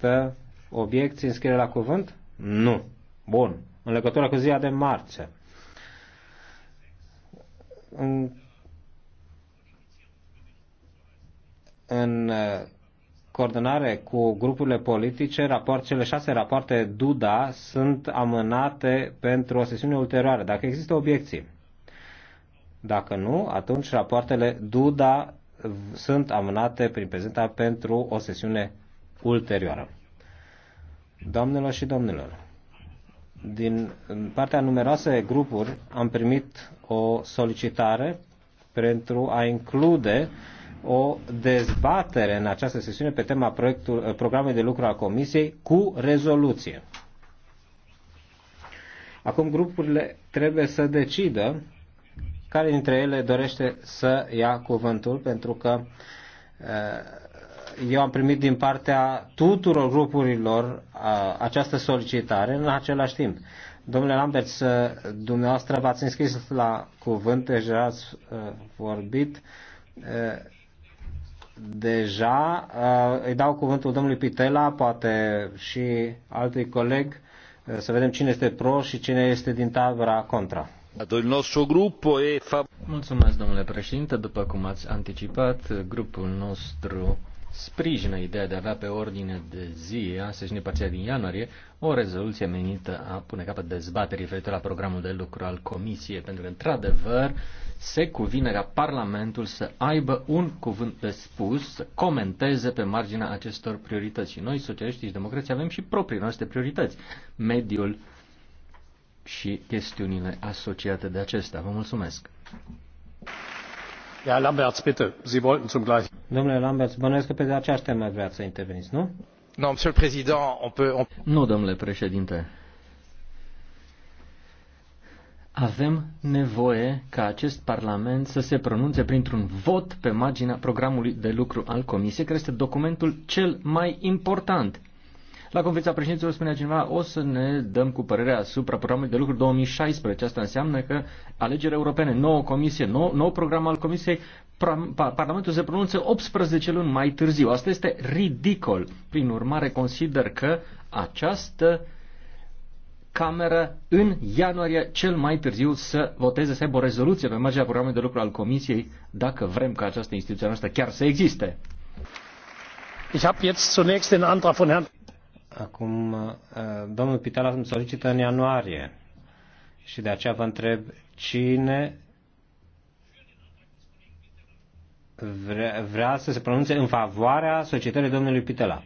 Există obiecții scrierea la cuvânt? Nu. Bun. În legătură cu ziua de marțe. În, în uh, coordonare cu grupurile politice, raport, cele șase rapoarte DUDA sunt amânate pentru o sesiune ulterioară, dacă există obiecții. Dacă nu, atunci rapoartele DUDA sunt amânate prin prezentare pentru o sesiune ulterioară. Doamnelor și domnilor, din partea numeroase grupuri am primit o solicitare pentru a include o dezbatere în această sesiune pe tema programului de lucru al Comisiei cu rezoluție. Acum grupurile trebuie să decidă care dintre ele dorește să ia cuvântul pentru că uh, eu am primit din partea tuturor grupurilor această solicitare în același timp. Domnule Lambert, dumneavoastră v-ați înscris la cuvânt, deja ați vorbit. Deja îi dau cuvântul domnului Pitela, poate și altui coleg, să vedem cine este pro și cine este din tabra contra. nostru e Mulțumesc, domnule președinte. După cum ați anticipat, grupul nostru sprijină ideea de a avea pe ordine de zi a sesiunii parția din ianuarie o rezoluție menită a pune capăt dezbaterii referitor la programul de lucru al Comisiei, pentru că, într-adevăr, se cuvine ca Parlamentul să aibă un cuvânt de spus, să comenteze pe marginea acestor priorități. Și noi, socialiștii și democrații, avem și proprii noastre priorități, mediul și chestiunile asociate de acestea. Vă mulțumesc! Lamberts, Domnule Lamberts, bănuiesc că pe aceeași temă vreați să interveniți, nu? Nu, domnule președinte. Avem nevoie ca acest Parlament să se pronunțe printr-un vot pe marginea programului de lucru al Comisiei, care este documentul cel mai important la conferința președinților spunea cineva, o să ne dăm cu părerea asupra programului de lucru 2016. Asta înseamnă că alegeri europene, nouă comisie, nou, nou program al comisiei, Parlamentul se pronunță 18 luni mai târziu. Asta este ridicol. Prin urmare, consider că această Cameră în ianuarie cel mai târziu să voteze, să aibă o rezoluție pe marginea programului de lucru al Comisiei, dacă vrem ca această instituție noastră chiar să existe. Ich habe jetzt zunächst den Antrag von Herrn Acum, uh, domnul Pitala îmi solicită în ianuarie și de aceea vă întreb cine vrea, vrea să se pronunțe în favoarea societății domnului Pitela.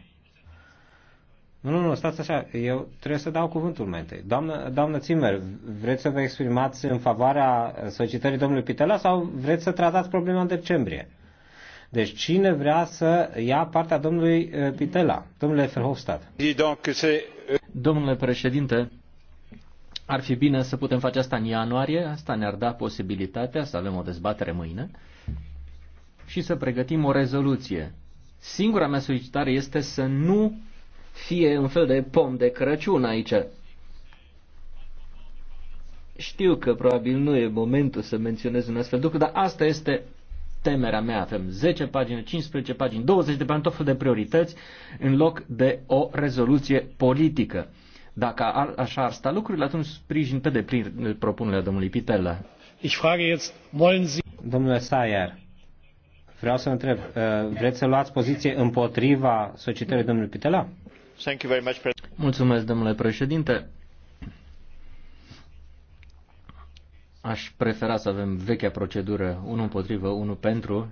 Nu, nu, nu, stați așa, eu trebuie să dau cuvântul mai întâi. Doamnă, doamnă Zimmer, vreți să vă exprimați în favoarea societății domnului Pitela sau vreți să tratați problema în decembrie? Deci cine vrea să ia partea domnului uh, Pitela, domnule Verhofstadt? Euh, domnule președinte, ar fi bine să putem face asta în ianuarie, asta ne-ar da posibilitatea să avem o dezbatere mâine și să pregătim o rezoluție. Singura mea solicitare este să nu fie un fel de pom de Crăciun aici. Știu că probabil nu e momentul să menționez un astfel de lucru, dar asta este temerea mea. Avem 10 pagini, 15 pagini, 20 de pagini, tot felul de priorități, în loc de o rezoluție politică. Dacă ar, așa ar sta lucrurile, atunci sprijin pe deplin propunerea domnului Pitella. Ich frage jetzt, wollen Sie... Domnule Sayer, vreau să întreb, uh, vreți să luați poziție împotriva societății domnului Pitella? Mulțumesc, domnule președinte. Aș prefera să avem vechea procedură, unul împotrivă, unul pentru,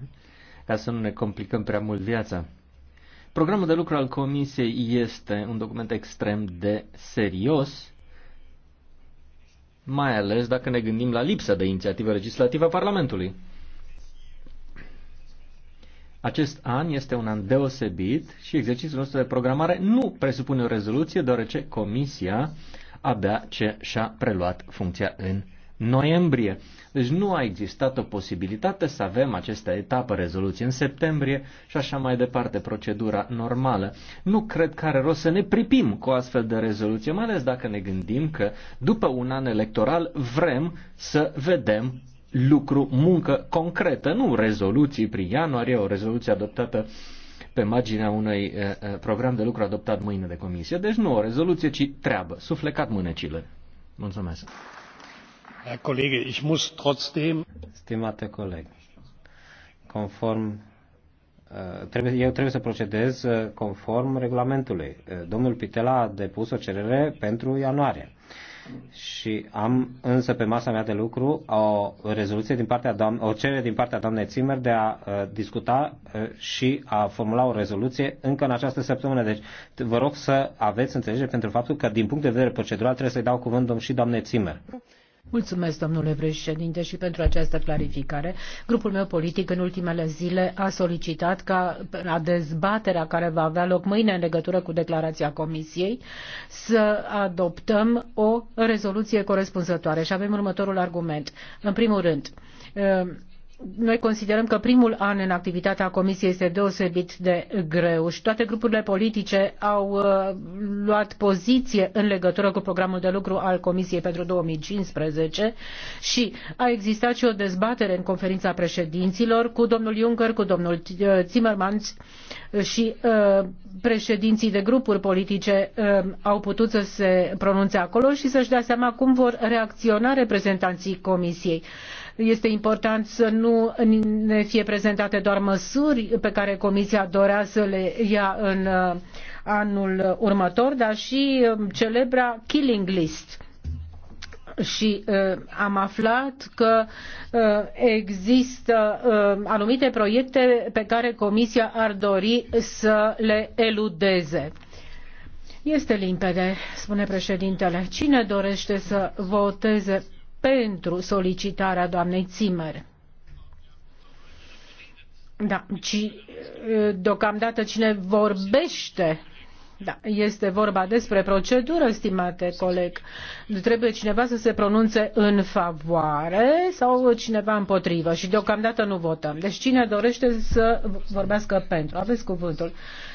ca să nu ne complicăm prea mult viața. Programul de lucru al Comisiei este un document extrem de serios, mai ales dacă ne gândim la lipsa de inițiativă legislativă a Parlamentului. Acest an este un an deosebit și exercițiul nostru de programare nu presupune o rezoluție, deoarece Comisia abia ce și-a preluat funcția în noiembrie. Deci nu a existat o posibilitate să avem această etapă rezoluție în septembrie și așa mai departe, procedura normală. Nu cred că are rost să ne pripim cu astfel de rezoluție, mai ales dacă ne gândim că după un an electoral vrem să vedem lucru, muncă concretă, nu rezoluții prin ianuarie, o rezoluție adoptată pe marginea unui eh, eh, program de lucru adoptat mâine de comisie. Deci nu o rezoluție, ci treabă. Suflecat mânecile. Mulțumesc. Stimate coleg, conform uh, eu trebuie să procedez uh, conform regulamentului. Uh, domnul Pitela a depus o cerere pentru ianuarie. Și am însă pe masa mea de lucru o rezoluție din partea doamne, o cerere din partea doamnei Zimmer de a uh, discuta uh, și a formula o rezoluție încă în această săptămână. Deci vă rog să aveți înțelegere pentru faptul că din punct de vedere procedural trebuie să-i dau cuvântul și doamnei Zimmer. Mulțumesc, domnule președinte, și pentru această clarificare. Grupul meu politic în ultimele zile a solicitat ca la dezbaterea care va avea loc mâine în legătură cu declarația Comisiei să adoptăm o rezoluție corespunzătoare. Și avem următorul argument. În primul rând, noi considerăm că primul an în activitatea Comisiei este deosebit de greu și toate grupurile politice au uh, luat poziție în legătură cu programul de lucru al Comisiei pentru 2015 și a existat și o dezbatere în conferința președinților cu domnul Juncker, cu domnul uh, Timmermans și uh, președinții de grupuri politice au putut să se pronunțe acolo și să-și dea seama cum vor reacționa reprezentanții Comisiei. Este important să nu ne fie prezentate doar măsuri pe care Comisia dorea să le ia în uh, anul următor, dar și um, celebra killing list și uh, am aflat că uh, există uh, anumite proiecte pe care Comisia ar dori să le eludeze. Este limpede, spune președintele. Cine dorește să voteze pentru solicitarea doamnei Zimmer. Da, ci deocamdată cine vorbește da, este vorba despre procedură, stimate coleg. Trebuie cineva să se pronunțe în favoare sau cineva împotrivă și deocamdată nu votăm. Deci cine dorește să vorbească pentru? Aveți cuvântul.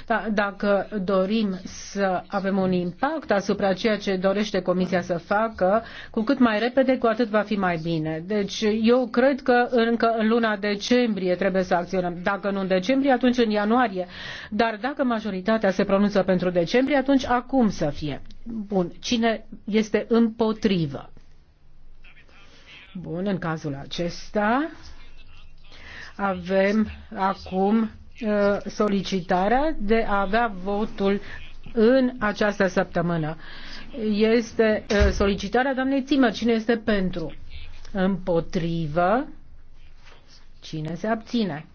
Dar dacă dorim să avem un impact asupra ceea ce dorește Comisia să facă, cu cât mai repede, cu atât va fi mai bine. Deci eu cred că încă în luna decembrie trebuie să acționăm. Dacă nu în decembrie, atunci în ianuarie. Dar dacă majoritatea se pronunță pentru decembrie, atunci acum să fie. Bun. Cine este împotrivă? Bun, în cazul acesta avem acum Uh, solicitarea de a avea votul în această săptămână. Este uh, solicitarea doamnei Țimăr. Cine este pentru? Împotrivă? Cine se abține?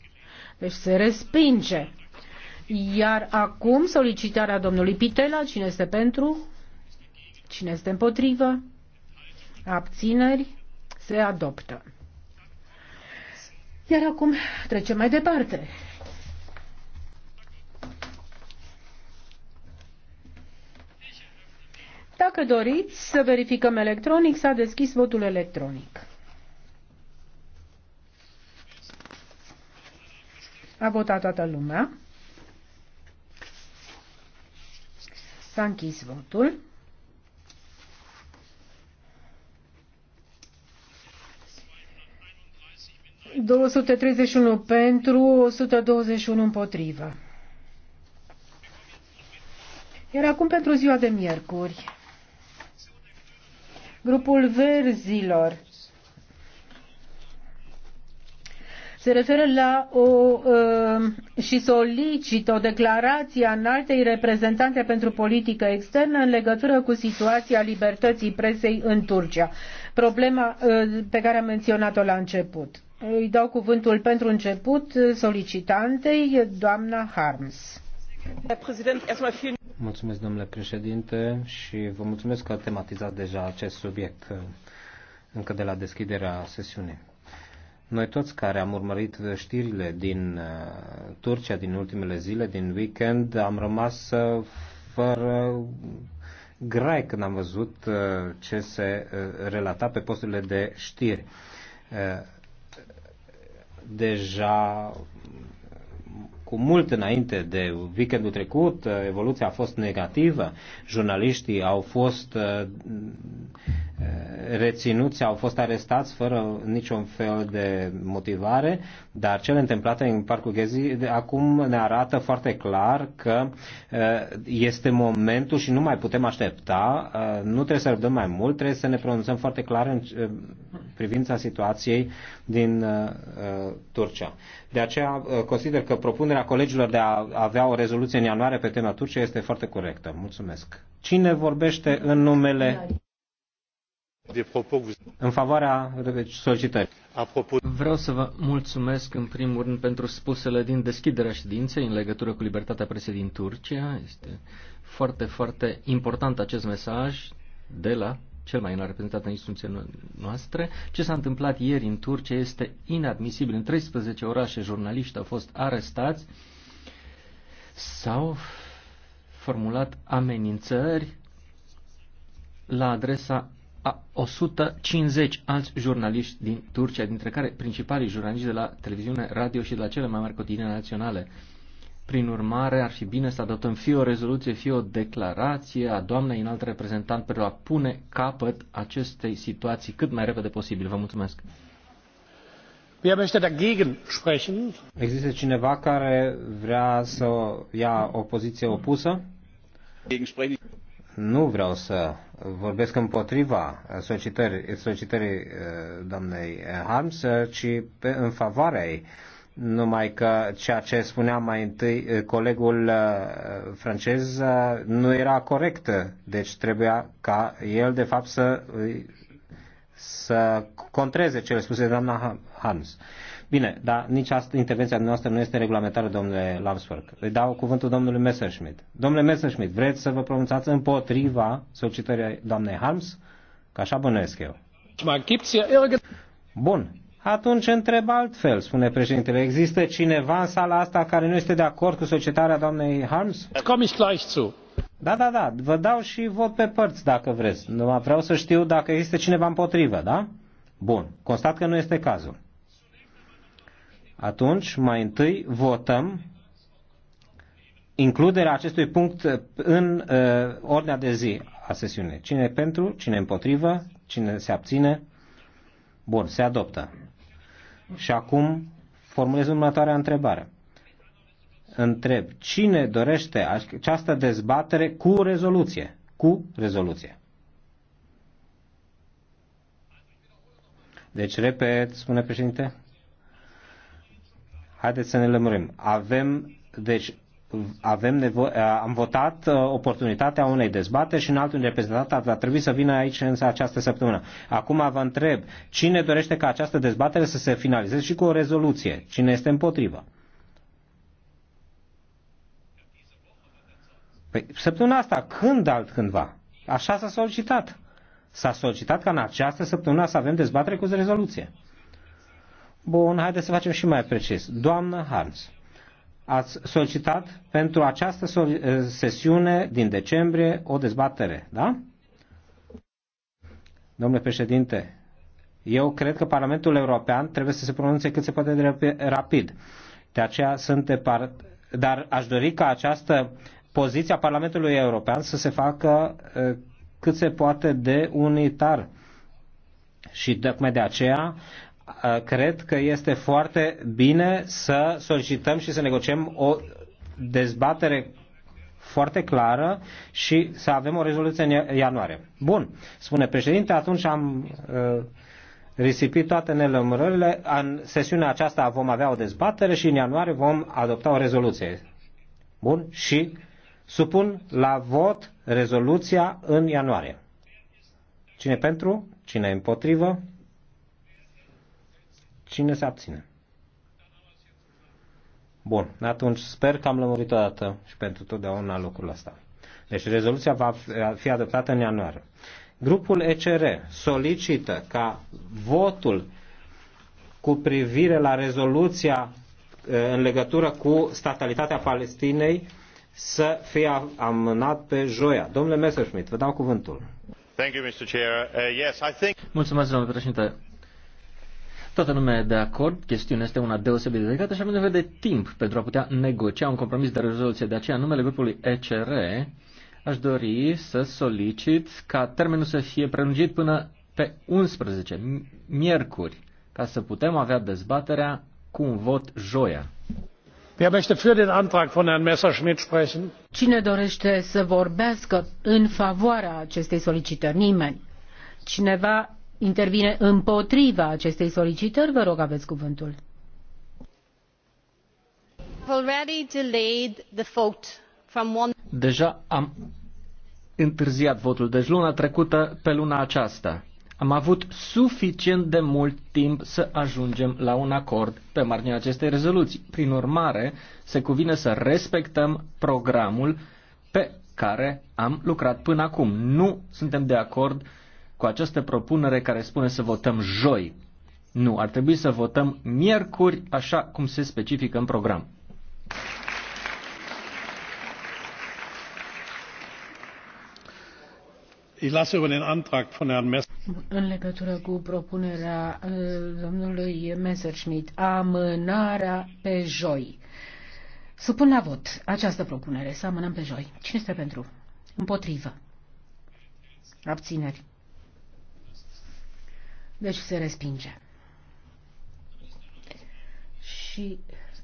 Deci se respinge. Iar acum solicitarea domnului Pitela. Cine este pentru? Cine este împotrivă? Abțineri? Se adoptă. Iar acum trecem mai departe. Dacă doriți să verificăm electronic, s-a deschis votul electronic. A votat toată lumea. S-a închis votul. ...231 pentru, 121 împotrivă. Iar acum pentru ziua de miercuri grupul verzilor se referă la o uh, și solicită o declarație a înaltei reprezentante pentru politică externă în legătură cu situația libertății presei în Turcia. Problema uh, pe care am menționat-o la început. Îi dau cuvântul pentru început solicitantei, doamna Harms. Mulțumesc, domnule președinte, și vă mulțumesc că a tematizat deja acest subiect uh, încă de la deschiderea sesiunii. Noi toți care am urmărit știrile din uh, Turcia din ultimele zile, din weekend, am rămas uh, fără grai când am văzut ce se relata pe posturile de știri. Deja cu mult înainte de weekendul trecut, uh, evoluția a fost negativă, jurnaliștii au fost uh, uh, reținuți, au fost arestați fără niciun fel de motivare, dar cele întâmplate în Parcul Ghezi acum ne arată foarte clar că este momentul și nu mai putem aștepta, nu trebuie să răbdăm mai mult, trebuie să ne pronunțăm foarte clar în privința situației din uh, uh, Turcia. De aceea uh, consider că propunerea colegilor de a avea o rezoluție în ianuarie pe tema Turciei este foarte corectă. Mulțumesc. Cine vorbește în numele în favoarea solicitării. Vreau să vă mulțumesc în primul rând pentru spusele din deschiderea ședinței în legătură cu libertatea presei din Turcia. Este foarte, foarte important acest mesaj de la cel mai înalt reprezentat în instituțiile noastre. Ce s-a întâmplat ieri în Turcia este inadmisibil. În 13 orașe jurnaliști au fost arestați, sau formulat amenințări la adresa a 150 alți jurnaliști din Turcia, dintre care principalii jurnaliști de la televiziune, radio și de la cele mai mari cotidiene naționale. Prin urmare, ar fi bine să adoptăm fie o rezoluție, fie o declarație a doamnei înalt reprezentant pentru a pune capăt acestei situații cât mai repede posibil. Vă mulțumesc. Există cineva care vrea să ia o poziție opusă? Nu vreau să vorbesc împotriva solicitării, solicitării eh, doamnei Harms, ci în favoarea ei numai că ceea ce spunea mai întâi eh, colegul eh, francez eh, nu era corect, deci trebuia ca el de fapt să, să contreze cele spuse doamna Hans. Bine, dar nici asta, intervenția noastră nu este regulamentară, domnule Lamsberg. Îi dau cuvântul domnului Messerschmidt. Domnule Messerschmidt, vreți să vă pronunțați împotriva solicitării doamnei Harms? Că așa bănuiesc eu. Bun, atunci întreb altfel, spune președintele. Există cineva în sala asta care nu este de acord cu societatea doamnei Harms? Da, da, da, vă dau și vot pe părți dacă vreți. Numai vreau să știu dacă există cineva împotrivă, da? Bun, constat că nu este cazul. Atunci, mai întâi votăm includerea acestui punct în uh, ordinea de zi a sesiunii. Cine pentru, cine împotrivă, cine se abține. Bun, se adoptă. Și acum formulez următoarea întrebare. Întreb, cine dorește această dezbatere cu rezoluție? Cu rezoluție. Deci, repet, spune președinte, haideți să ne lămurim. Avem, deci, avem nevo- am votat uh, oportunitatea unei dezbateri și în altul reprezentant ar trebui să vină aici în această săptămână. Acum vă întreb, cine dorește ca această dezbatere să se finalizeze și cu o rezoluție? Cine este împotrivă? Păi, săptămâna asta, când altcândva? Așa s-a solicitat. S-a solicitat ca în această săptămână să avem dezbatere cu rezoluție. Bun, haideți să facem și mai precis. Doamnă Harms ați solicitat pentru această eh, sesiune din decembrie o dezbatere, da? Domnule președinte, eu cred că Parlamentul European trebuie să se pronunțe cât se poate de rapid. De aceea sunt de part... Dar aș dori ca această poziție a Parlamentului European să se facă eh, cât se poate de unitar. Și tocmai de aceea cred că este foarte bine să solicităm și să negociem o dezbatere foarte clară și să avem o rezoluție în ianuarie. Bun, spune președinte, atunci am risipit toate nelămurările. În sesiunea aceasta vom avea o dezbatere și în ianuarie vom adopta o rezoluție. Bun, și supun la vot rezoluția în ianuarie. Cine pentru? Cine împotrivă? Cine se abține? Bun, atunci sper că am lămurit o dată și pentru totdeauna lucrul ăsta. Deci rezoluția va fi adoptată în ianuarie. Grupul ECR solicită ca votul cu privire la rezoluția în legătură cu statalitatea Palestinei să fie amânat pe joia. Domnule Messerschmidt, vă dau cuvântul. Uh, Mulțumesc, domnule președinte Toată lumea e de acord, chestiunea este una deosebit de delicată și avem nevoie de timp pentru a putea negocia un compromis de rezoluție. De aceea, în numele grupului ECR, aș dori să solicit ca termenul să fie prelungit până pe 11, miercuri, ca să putem avea dezbaterea cu un vot joia. Antrag sprechen? Cine dorește să vorbească în favoarea acestei solicitări? Nimeni. Cineva intervine împotriva acestei solicitări. Vă rog, aveți cuvântul. Deja am întârziat votul, deci luna trecută pe luna aceasta. Am avut suficient de mult timp să ajungem la un acord pe marginea acestei rezoluții. Prin urmare, se cuvine să respectăm programul pe care am lucrat până acum. Nu suntem de acord cu această propunere care spune să votăm joi. Nu, ar trebui să votăm miercuri, așa cum se specifică în program. În legătură cu propunerea uh, domnului Messerschmidt, amânarea pe joi. Supun la vot această propunere, să amânăm pe joi. Cine este pentru? Împotrivă. Abțineri. Deci se respinge. Și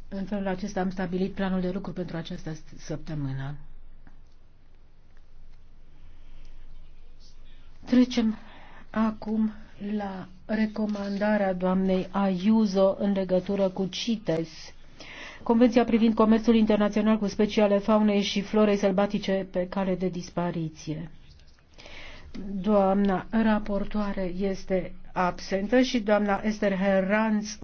în felul acesta am stabilit planul de lucru pentru această săptămână. Trecem acum la recomandarea doamnei Ayuso în legătură cu CITES, Convenția privind comerțul internațional cu speciale faune faunei și florei sălbatice pe cale de dispariție. Doamna raportoare este absentă și doamna Esther Herranz